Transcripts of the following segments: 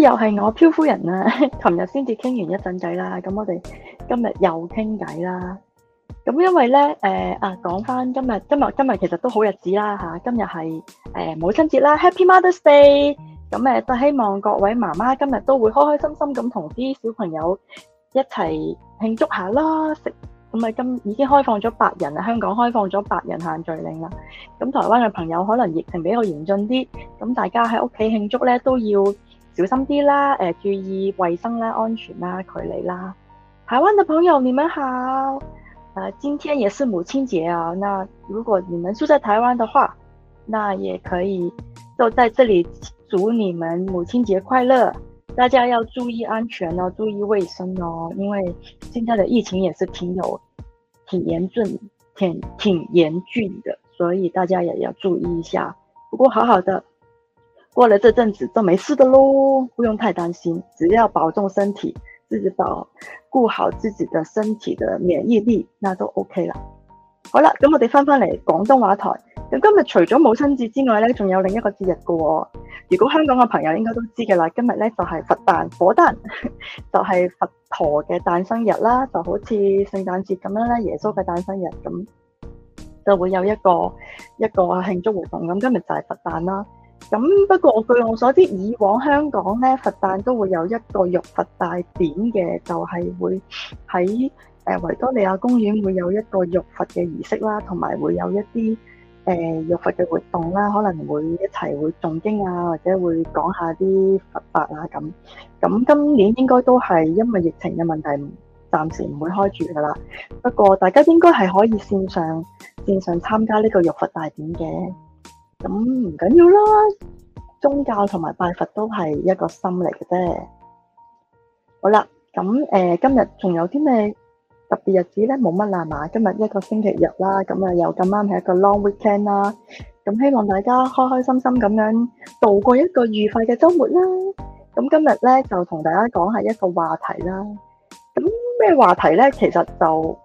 又係我漂夫人啦，琴日先至傾完一陣偈啦，咁我哋今日又傾偈啦。咁因為咧，誒、呃、啊，講翻今日，今日今日其實都好日子啦吓，今日係誒母親節啦，Happy Mother's Day。咁誒都希望各位媽媽今日都會開開心心咁同啲小朋友一齊慶祝一下啦。食唔係今已經開放咗八人啦，香港開放咗八人限聚令啦。咁台灣嘅朋友可能疫情比較嚴峻啲，咁大家喺屋企慶祝咧都要。小心啲啦，誒，注意衛生啦，安全啦，距離啦。台灣的朋友，你們好。誒、呃，今天也是母親節啊，那如果你們住在台灣的話，那也可以都在這裏祝你們母親節快樂。大家要注意安全哦、啊，注意衛生哦，因為現在的疫情也是挺有、挺嚴峻、挺挺嚴峻的，所以大家也要注意一下。不過好好的。過了這陣子都沒事的咯，不用太擔心，只要保重身體，自己保顧好自己的身體的免疫力，那都 OK 啦。好啦，咁我哋翻翻嚟廣東話台，咁今日除咗母親節之外咧，仲有另一個節日噶。如果香港嘅朋友應該都知嘅啦，今日咧就係、是、佛誕，佛誕就係佛陀嘅誕生日啦，就好似聖誕節咁樣咧，耶穌嘅誕生日咁，就會有一個一個慶祝活動。咁今日就係佛誕啦。咁不過，我據我所知，以往香港咧佛誕都會有一個浴佛大典嘅，就係、是、會喺誒維多利亞公園會有一個浴佛嘅儀式啦，同埋會有一啲誒浴佛嘅活動啦，可能會一齊會誦經啊，或者會講一下啲佛法啊咁。咁今年應該都係因為疫情嘅問題，暫時唔會開住㗎喇。不過大家應該係可以線上線上參加呢個浴佛大典嘅。咁唔緊要啦，宗教同埋拜佛都係一個心嚟嘅啫。好啦，咁誒，今日仲有啲咩特別日子咧？冇乜啦嘛，今日一個星期日啦，咁啊又咁啱係一個 long weekend 啦。咁希望大家開開心心咁樣度過一個愉快嘅周末啦。咁今日咧就同大家講下一個話題啦。咁咩話題咧？其實就～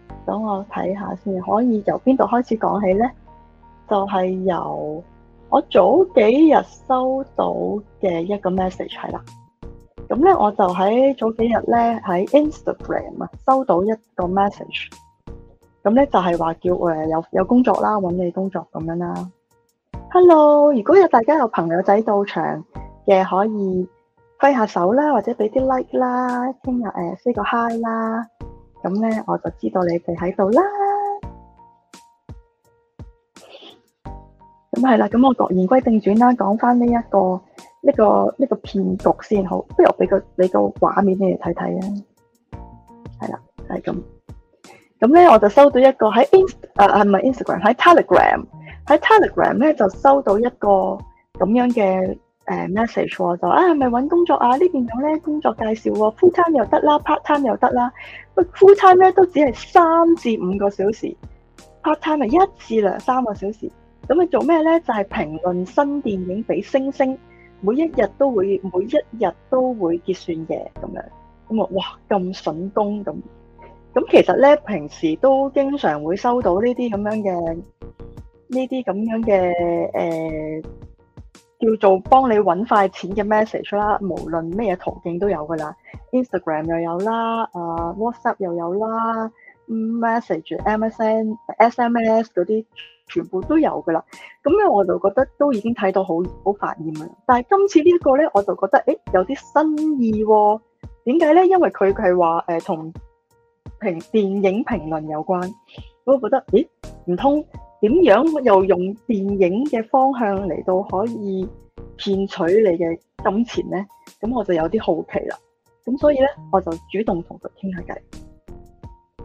等我睇下先，可以由邊度開始講起咧？就係由我早幾日收到嘅一個 message 係啦。咁咧我就喺早幾日咧喺 Instagram 啊收到一個 message，咁咧就係話叫誒、呃、有有工作啦，搵你工作咁樣啦。Hello，如果有大家有朋友仔到場嘅，可以揮下手啦，或者俾啲 like 啦，聽日誒 say 個 hi 啦。咁、嗯、咧，我就知道你哋喺度啦。咁係啦，咁我各言歸正傳啦，講翻呢一個呢、這個呢、這個騙局先好。不如我俾個俾個畫面你嚟睇睇啊。係啦，係、就、咁、是。咁、嗯、咧，我就收到一個喺 ins 誒、啊，係咪 Instagram 喺 Telegram 喺 Telegram 咧，就收到一個咁樣嘅。誒、啊，message 我到，啊，係咪搵工作啊？呢邊有咧工作介紹喎，full time 又得啦，part time 又得啦。喂 full time 咧都只係三至五個小時，part time 係一至兩三個小時。咁你做咩咧？就係評論新電影俾星星，每一日都會，每一日都會結算嘅，咁樣咁啊，哇，咁筍工咁。咁其實咧，平時都經常會收到呢啲咁樣嘅，呢啲咁樣嘅誒。呃叫做幫你揾快錢嘅 message 啦，無論咩嘢途徑都有噶啦，Instagram 又有啦，啊、uh, WhatsApp 又有啦，message MSN、MSN、SMS 嗰啲全部都有噶啦。咁咧我就覺得都已經睇到好好發現啦。但係今次這呢一個咧，我就覺得誒有啲新意喎、哦。點解咧？因為佢係話誒同評電影評論有關，我覺得咦，唔通。點樣又用電影嘅方向嚟到可以騙取你嘅金錢呢？咁我就有啲好奇啦。咁所以咧，我就主動同佢傾下偈。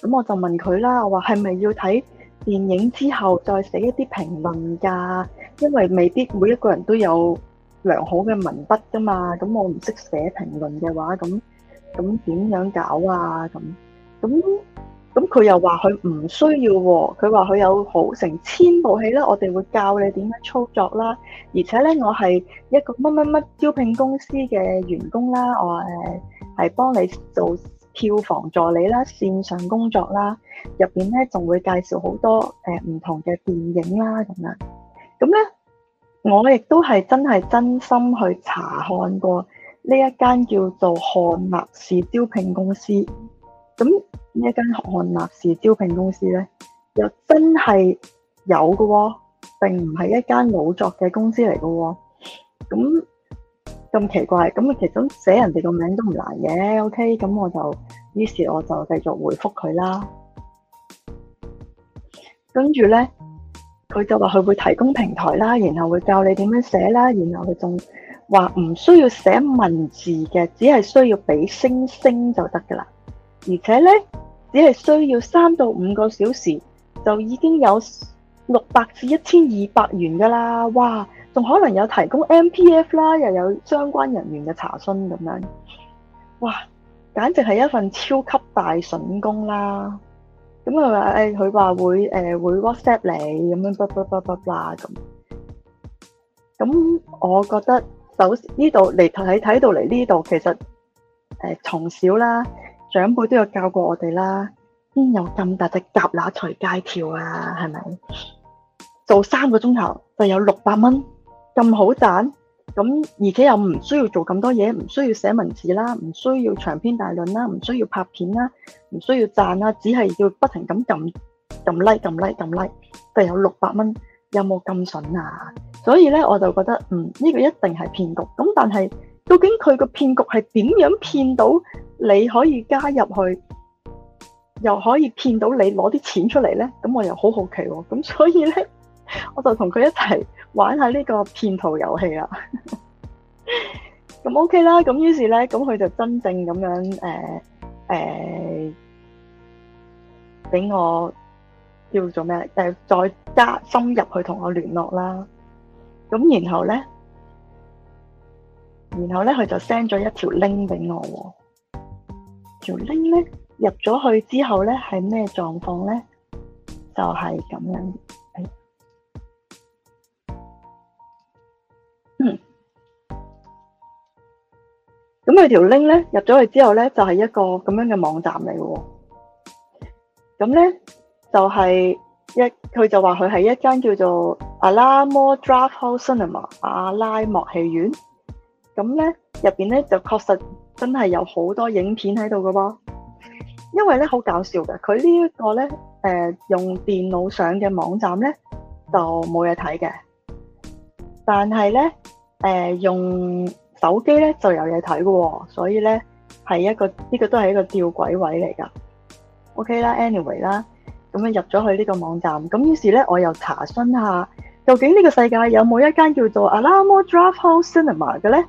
咁我就問佢啦，我話係咪要睇電影之後再寫一啲評論噶？因為未必每一個人都有良好嘅文筆噶嘛。咁我唔識寫評論嘅話，咁咁點樣搞啊？咁咁。咁佢又話佢唔需要喎，佢話佢有好成千部戲啦，我哋會教你點樣操作啦，而且咧我係一個乜乜乜招聘公司嘅員工啦，我誒係幫你做票房助理啦，線上工作啦，入面咧仲會介紹好多誒唔同嘅電影啦咁樣。咁咧我亦都係真係真心去查看過呢一間叫做漢納士招聘公司。咁呢一間漢立士招聘公司咧，又真係有嘅喎、哦，並唔係一間老作嘅公司嚟嘅喎。咁咁奇怪，咁其實寫人哋個名字都唔難嘅。OK，咁我就於是我就繼續回覆佢啦。跟住咧，佢就話佢會提供平台啦，然後會教你點樣寫啦，然後佢仲話唔需要寫文字嘅，只係需要俾星星就得噶啦。而且咧，只係需要三到五個小時就已經有六百至一千二百元噶啦，哇！仲可能有提供 MPF 啦，又有相關人員嘅查詢咁樣，哇！簡直係一份超級大筍工啦。咁誒，佢、欸、話會誒、呃、會 WhatsApp 你咁樣，叭叭叭叭叭咁。咁我覺得，首先呢度嚟睇睇到嚟呢度，其實誒從、呃、小啦。長輩都有教過我哋啦，邊有咁大隻夾乸隨街跳啊？係咪做三個鐘頭就有六百蚊咁好賺？咁而且又唔需要做咁多嘢，唔需要寫文字啦，唔需要長篇大論啦，唔需要拍片啦，唔需要賺啦，只係要不停咁撳撳 like 撳 like 撳 like，就有六百蚊，有冇咁筍啊？所以咧，我就覺得嗯呢個一定係騙局。咁但係究竟佢個騙局係點樣騙到？你可以加入去，又可以騙到你攞啲錢出嚟咧，咁我又好好奇喎，哦，咁所以咧，我就同佢一齊玩下呢個騙徒遊戲啦。咁 OK 啦，咁於是咧，咁佢就真正咁樣誒誒，俾、呃呃、我叫做咩誒，再加深入去同我聯絡啦。咁然後咧，然後咧，佢就 send 咗一條 link 俾我。條 link 咧，入咗去之後咧，係咩狀況咧？就係咁樣。咁佢條 link 咧，入咗去之後咧，就係一個咁樣嘅網站嚟嘅。咁咧，就係一，佢就話佢係一間叫做阿拉摩 Draft House Cinema 阿拉莫戲院。咁咧，入邊咧，就確實。真係有好多影片喺度噶喎，因為咧好搞笑嘅，佢呢一個咧，誒、呃、用電腦上嘅網站咧就冇嘢睇嘅，但係咧，誒、呃、用手機咧就有嘢睇噶喎，所以咧係一個呢、這個都係一個吊詭位嚟噶。OK 啦，Anyway 啦，咁樣入咗去呢個網站，咁於是咧我又查詢下究竟呢個世界有冇一間叫做 Alamo Drafthouse Cinema 嘅咧，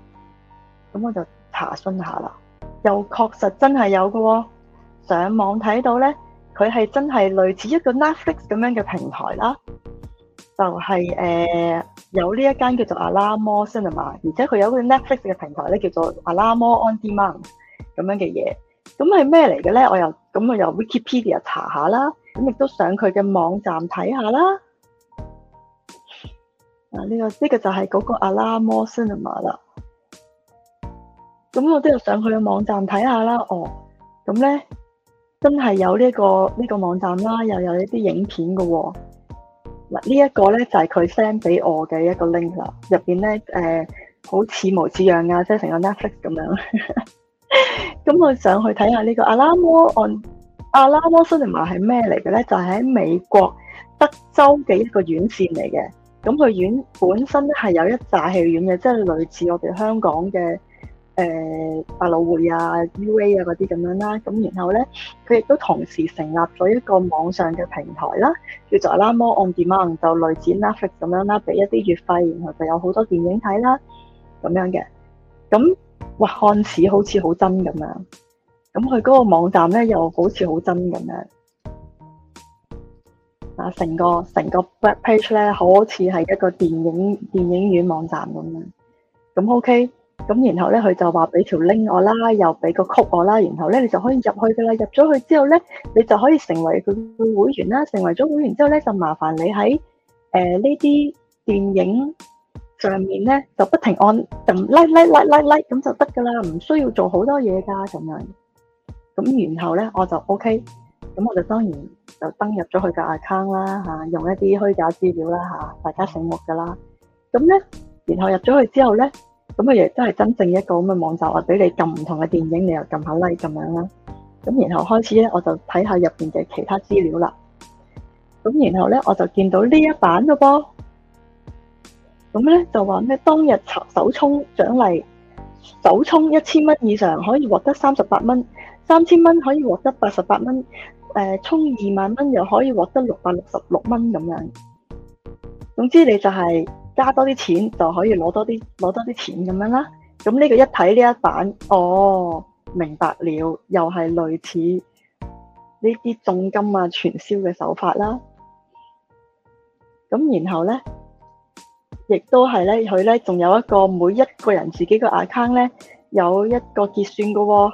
咁我就。查詢下啦，又確實真係有嘅，哦。上網睇到咧，佢係真係類似一個 Netflix 咁樣嘅平台啦。就係、是、誒、呃，有呢一間叫做阿拉摩 cinema，而且佢有嗰個 Netflix 嘅平台咧，叫做阿拉摩 On Demand 咁樣嘅嘢。咁係咩嚟嘅咧？我又咁我由 Wikipedia 查下啦，咁亦都上佢嘅網站睇下啦。嗱、這個，呢個呢個就係嗰個阿拉摩 cinema 啦。咁我都有上去個網站睇下啦。哦，咁咧真係有呢、這個呢、這個網站啦，又有一啲影片嘅嗱、哦。這個、呢、就是、一個咧就係佢 send 俾我嘅一個 link 啦，入邊咧誒，好似模似樣啊，即係成個 Netflix 咁樣的。咁 我上去睇下呢個阿拉摩 on 阿拉摩 cinema 係咩嚟嘅咧？就係、是、喺美國德州嘅一個院線嚟嘅。咁佢院本身咧係有一紮戲院嘅，即係類似我哋香港嘅。誒百老匯啊、UA 那些啊嗰啲咁樣啦，咁然後咧，佢亦都同時成立咗一個網上嘅平台啦、啊，叫做《More On Demand》，就類似 Netflix 咁樣啦、啊，俾一啲月費，然後就有好多電影睇啦、啊，咁樣嘅。咁哇，看似好似好真咁樣，咁佢嗰個網站咧，又好似好真咁樣。嗱，成個成個 web page 咧，好似係一個電影電影院網站咁樣，咁 OK。咁，然後咧，佢就話俾條 link 我啦，又俾個曲我啦，然後咧，你就可以入去噶啦。入咗去之後咧，你就可以成為佢嘅會員啦。成為咗會員之後咧，就麻煩你喺誒呢啲電影上面咧，就不停按，就 like like like like 咁就得噶啦，唔需要做好多嘢噶咁樣。咁然後咧，我就 OK，咁我就當然就登入咗佢嘅 account 啦，嚇，用一啲虛假資料啦，嚇，大家醒目噶啦。咁咧，然後入咗去之後咧。咁啊，亦都係真正一個咁嘅網站，話俾你撳唔同嘅電影，你又撳下 like 咁樣啦。咁然後開始咧，我就睇下入邊嘅其他資料啦。咁然後咧，我就見到呢一版嘅噃，咁咧就話咩？當日首充獎勵，首充一千蚊以上可以獲得三十八蚊，三千蚊可以獲得八十八蚊。誒，充二萬蚊又可以獲得六百六十六蚊咁樣。總之，你就係、是。加多啲錢就可以攞多啲，攞多啲錢咁樣啦。咁呢個一睇呢一版，哦，明白了，又係類似呢啲重金啊、傳銷嘅手法啦。咁然後咧，亦都係咧，佢咧仲有一個每一個人自己個 account 咧有一個結算嘅喎、哦。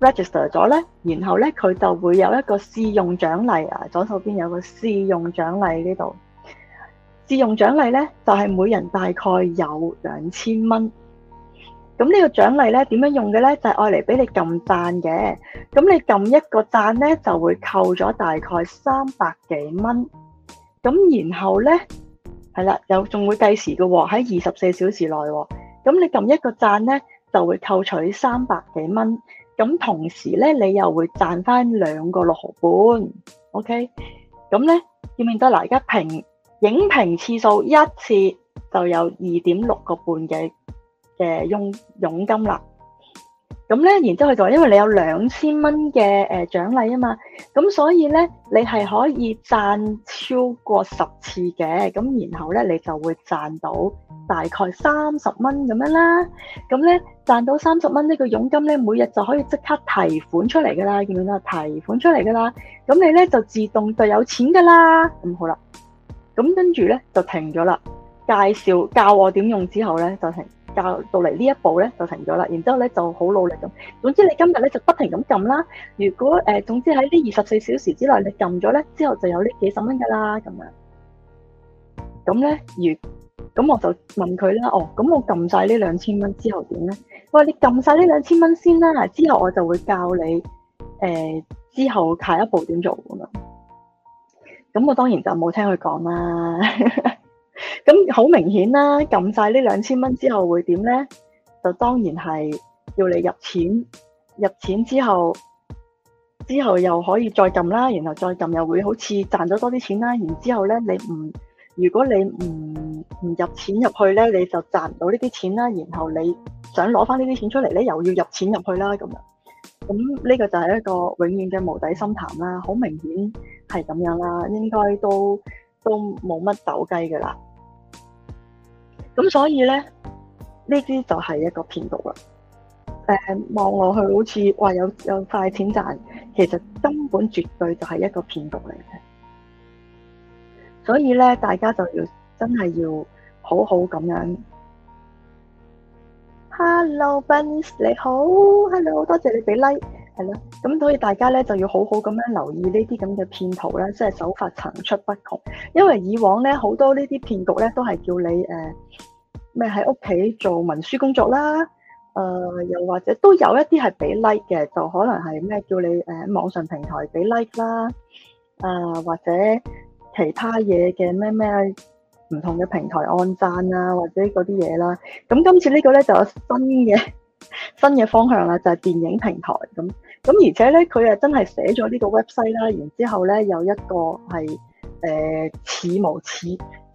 Register 咗咧，然後咧佢就會有一個試用獎勵啊，左手邊有個試用獎勵呢度。試用獎勵咧就係每人大概有兩千蚊。咁呢個獎勵咧點樣用嘅咧，就係愛嚟俾你撳讚嘅。咁你撳一個讚咧就會扣咗大概三百幾蚊。咁然後咧係啦，又仲會計時嘅喎，喺二十四小時內。咁你撳一個讚咧就會扣除三百幾蚊。咁同時咧，你又會賺翻兩個六毫半，OK？咁咧，意味住嗱，而家評影評次數一次就有二點六個半嘅嘅佣佣金啦。咁咧，然之後佢就話，因為你有兩千蚊嘅誒獎勵啊嘛，咁所以咧，你係可以賺超過十次嘅，咁然後咧，你就會賺到大概三十蚊咁樣啦。咁咧，賺到三十蚊呢個佣金咧，每日就可以即刻提款出嚟噶啦，見唔見到？提款出嚟噶啦，咁你咧就自動就有錢噶啦。咁好啦，咁跟住咧就停咗啦。介紹教我點用之後咧就停。教到嚟呢一步咧就停咗啦，然之後咧就好努力咁。總之你今日咧就不停咁撳啦。如果誒、呃，總之喺呢二十四小時之內你撳咗咧，之後就有呢幾十蚊噶啦咁樣。咁咧如咁我就問佢啦，哦，咁我撳晒呢兩千蚊之後點咧？佢話，你撳晒呢兩千蚊先啦，嗱之後我就會教你誒、呃、之後下一步點做咁樣。咁我當然就冇聽佢講啦。 咁好明顯啦！撳晒呢兩千蚊之後會點咧？就當然係要你入錢，入錢之後，之後又可以再撳啦，然後再撳又會好似賺咗多啲錢啦。然之後咧，你唔如果你唔唔入錢入去咧，你就賺唔到呢啲錢啦。然後你想攞翻呢啲錢出嚟咧，又要入錢入去啦，咁樣咁呢個就係一個永遠嘅無底深潭啦。好明顯係咁樣啦，應該都都冇乜鬥雞噶啦。咁所以呢，呢啲就係一個騙局啦。呃，望落去好似話有，有快錢賺，其實根本絕對就係一個騙局嚟嘅。所以呢，大家就要真係要好好咁樣。Hello，Bernice 你好，Hello，多謝你畀 like。係咯，咁所以大家咧就要好好咁樣留意呢啲咁嘅騙徒啦，即係手法層出不窮。因為以往咧好多呢啲騙局咧都係叫你誒咩喺屋企做文書工作啦，誒又或者都有一啲係俾 like 嘅，就可能係咩叫你誒網上平台俾 like 啦，誒或者其他嘢嘅咩咩唔同嘅平台按讚啊，或者嗰啲嘢啦。咁今次呢個咧就有新嘅新嘅方向啦，就係電影平台咁。嗯咁而且咧，佢啊真係寫咗呢個 website 啦，然之後咧有一個係誒、呃、似模似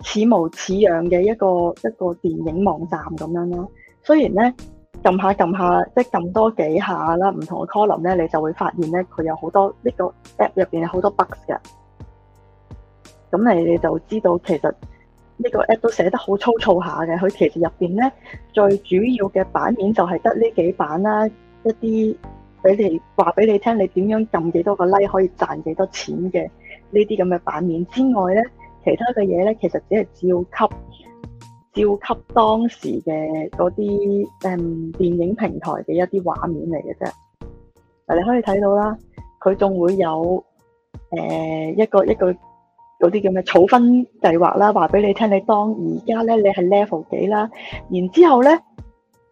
似模似樣嘅一個一個電影網站咁樣啦。雖然咧撳下撳下，即係撳多幾下啦，唔同嘅 column 咧，你就會發現咧，佢有好多呢、這個 app 入邊有好多 bugs 嘅。咁你你就知道其實呢個 app 都寫得好粗糙下嘅。佢其實入邊咧最主要嘅版面就係得呢幾版啦，一啲。俾你話俾你聽，你點樣撳幾多個 like 可以賺幾多錢嘅呢啲咁嘅版面之外咧，其他嘅嘢咧，其實只係照級照級當時嘅嗰啲誒電影平台嘅一啲畫面嚟嘅啫。誒，你可以睇到啦，佢仲會有誒、呃、一個一個嗰啲叫咩儲分計劃啦，話俾你聽你現在，你當而家咧你係 level 幾啦，然之後咧。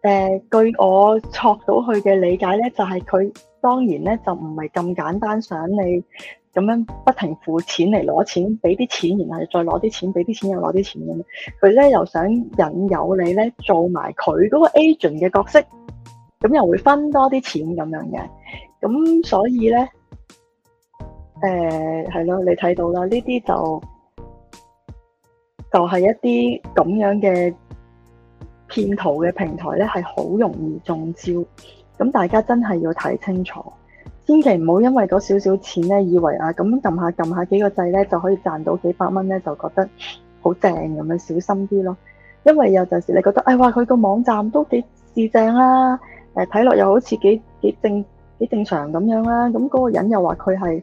誒、呃，據我錯到佢嘅理解咧，就係、是、佢當然咧就唔係咁簡單，想你咁樣不停付錢嚟，攞錢，俾啲錢，然後再攞啲錢，俾啲錢又攞啲錢咁。佢咧又想引誘你咧做埋佢嗰個 agent 嘅角色，咁又會分多啲錢咁樣嘅。咁所以咧，誒係咯，你睇到啦，呢啲就就係、是、一啲咁樣嘅。騙徒嘅平台咧係好容易中招，咁大家真係要睇清楚，千祈唔好因為嗰少少錢咧，以為啊咁樣撳下撳下幾個掣咧就可以賺到幾百蚊咧，就覺得好正咁樣，小心啲咯。因為有陣時你覺得，哎哇，佢個網站都幾似正啦、啊，誒睇落又好似幾幾正幾正常咁樣啦，咁嗰個人又話佢係誒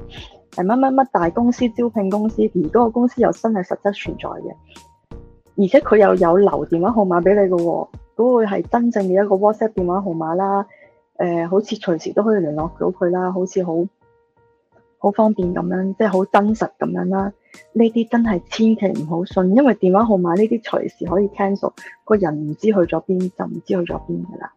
乜乜乜大公司招聘公司，而嗰個公司又真係實質存在嘅。而且佢又有留電話號碼俾你嘅，都會係真正嘅一個 WhatsApp 電話號碼啦。誒、呃，好似隨時都可以聯絡到佢啦，好似好好方便咁樣，即係好真實咁樣啦。呢啲真係千祈唔好信，因為電話號碼呢啲隨時可以 cancel，個人唔知去咗邊就唔知去咗邊噶啦。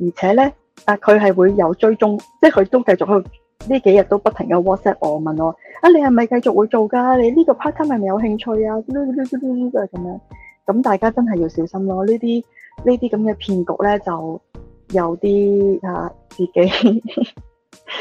而且呢，但佢係會有追蹤，即係佢都繼續去。呢幾日都不停嘅 WhatsApp 我問我啊，你係咪繼續會做㗎？你呢個 part time 係咪有興趣啊？咁 樣咁大家真係要小心咯。呢啲呢啲咁嘅騙局咧，就有啲吓、啊、自己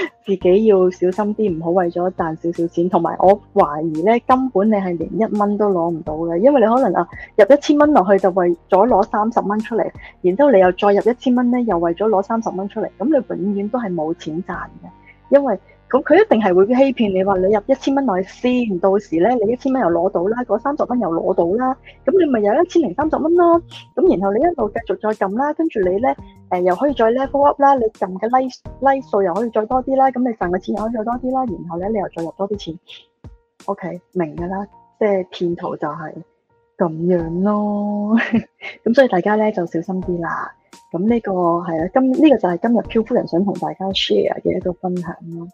自己要小心啲，唔好為咗賺少少錢。同埋我懷疑咧，根本你係連一蚊都攞唔到嘅，因為你可能啊入一千蚊落去，就為咗攞三十蚊出嚟，然之後你又再入一千蚊咧，又為咗攞三十蚊出嚟，咁你永遠都係冇錢賺嘅。因為咁佢一定係會欺騙你，話你入一千蚊嚟先，到時咧你一千蚊又攞到啦，嗰三十蚊又攞到啦，咁你咪有一千零三十蚊啦。咁然後你一路繼續再撳啦，跟住你咧誒、呃、又可以再 level up 啦，你撳嘅 like like 數又可以再多啲啦，咁你賺嘅錢又可以再多啲啦，然後咧你又再入多啲錢。O、okay, K，明噶啦，即係騙徒就係、是。咁樣咯，咁 所以大家咧就小心啲啦。咁呢、這個係啦、啊，今呢、這個就係今日漂夫人想同大家 share 嘅一個分享咯。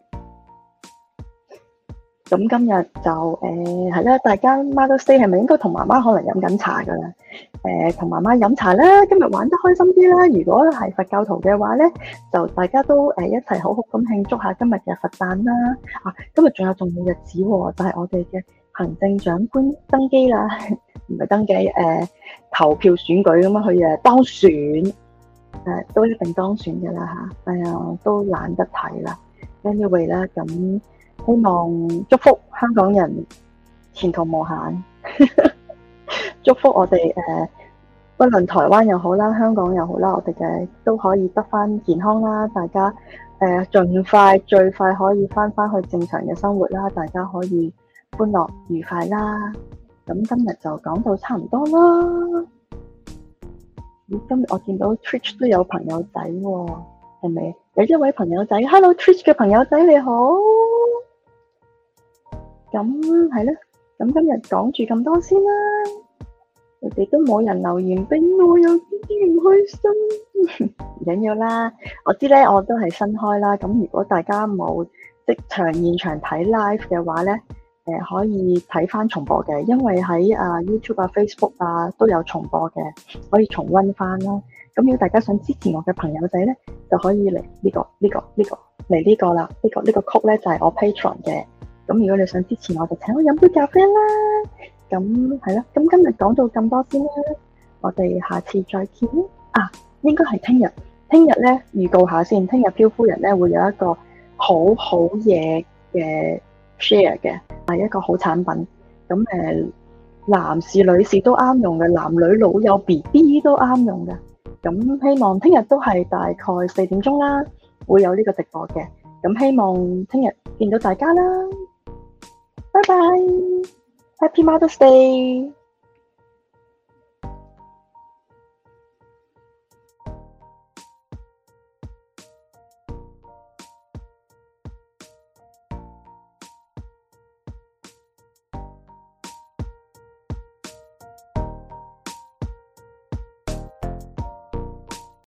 咁今日就誒係啦，大家 Mother's Day 係咪應該同媽媽可能飲緊茶噶咧？誒、呃，同媽媽飲茶啦，今日玩得開心啲啦、嗯。如果係佛教徒嘅話咧，就大家都誒、呃、一齊好好咁慶祝下今日嘅佛誕啦。啊，今日仲有重要日子喎、啊，就係、是、我哋嘅行政長官登基啦。唔係登記誒、呃、投票選舉咁啊，佢誒當選誒、呃、都一定當選嘅啦嚇。哎呀，都懶得睇啦。Anyway 啦，咁希望祝福香港人前途無限， 祝福我哋誒、呃，不論台灣又好啦，香港又好啦，我哋嘅都可以得返健康啦，大家誒、呃、盡快最快可以返返去正常嘅生活啦，大家可以歡樂愉快啦。咁今日就講到差唔多啦。咦，今日我見到 Twitch 都有朋友仔喎，哦，係咪？有一位朋友仔，Hello Twitch 嘅朋友仔你好。咁係咧，咁今日講住咁多先啦。你哋都冇人留言我，俾我有啲啲唔開心。唔緊要啦，我知咧，我都係新開啦。咁如果大家冇即場現場睇 live 嘅話咧。誒，可以睇翻重播嘅，因為喺啊 YouTube 啊、Facebook 啊都有重播嘅，可以重温翻啦。咁如果大家想支持我嘅朋友仔咧，就可以嚟呢、呢個呢、呢個呢、呢個嚟呢、呢個啦。呢、呢個呢、呢個曲咧、呢個呢個、就係我 Patreon 嘅。咁如果你想支持我，就請我飲杯咖啡啦。咁係咯，咁、嗯嗯、今日講到咁多先啦，我哋下次再見。啊，應該係聽日，聽日咧預告一下先。聽日漂夫人咧會有一個好好嘢嘅。share 嘅係一個好產品，咁誒，男士女士都啱用嘅，男女老幼 BB 都啱用嘅，咁希望聽日都係大概四點鐘啦，會有呢個直播嘅，咁希望聽日見到大家啦，拜拜，Happy Mother's Day。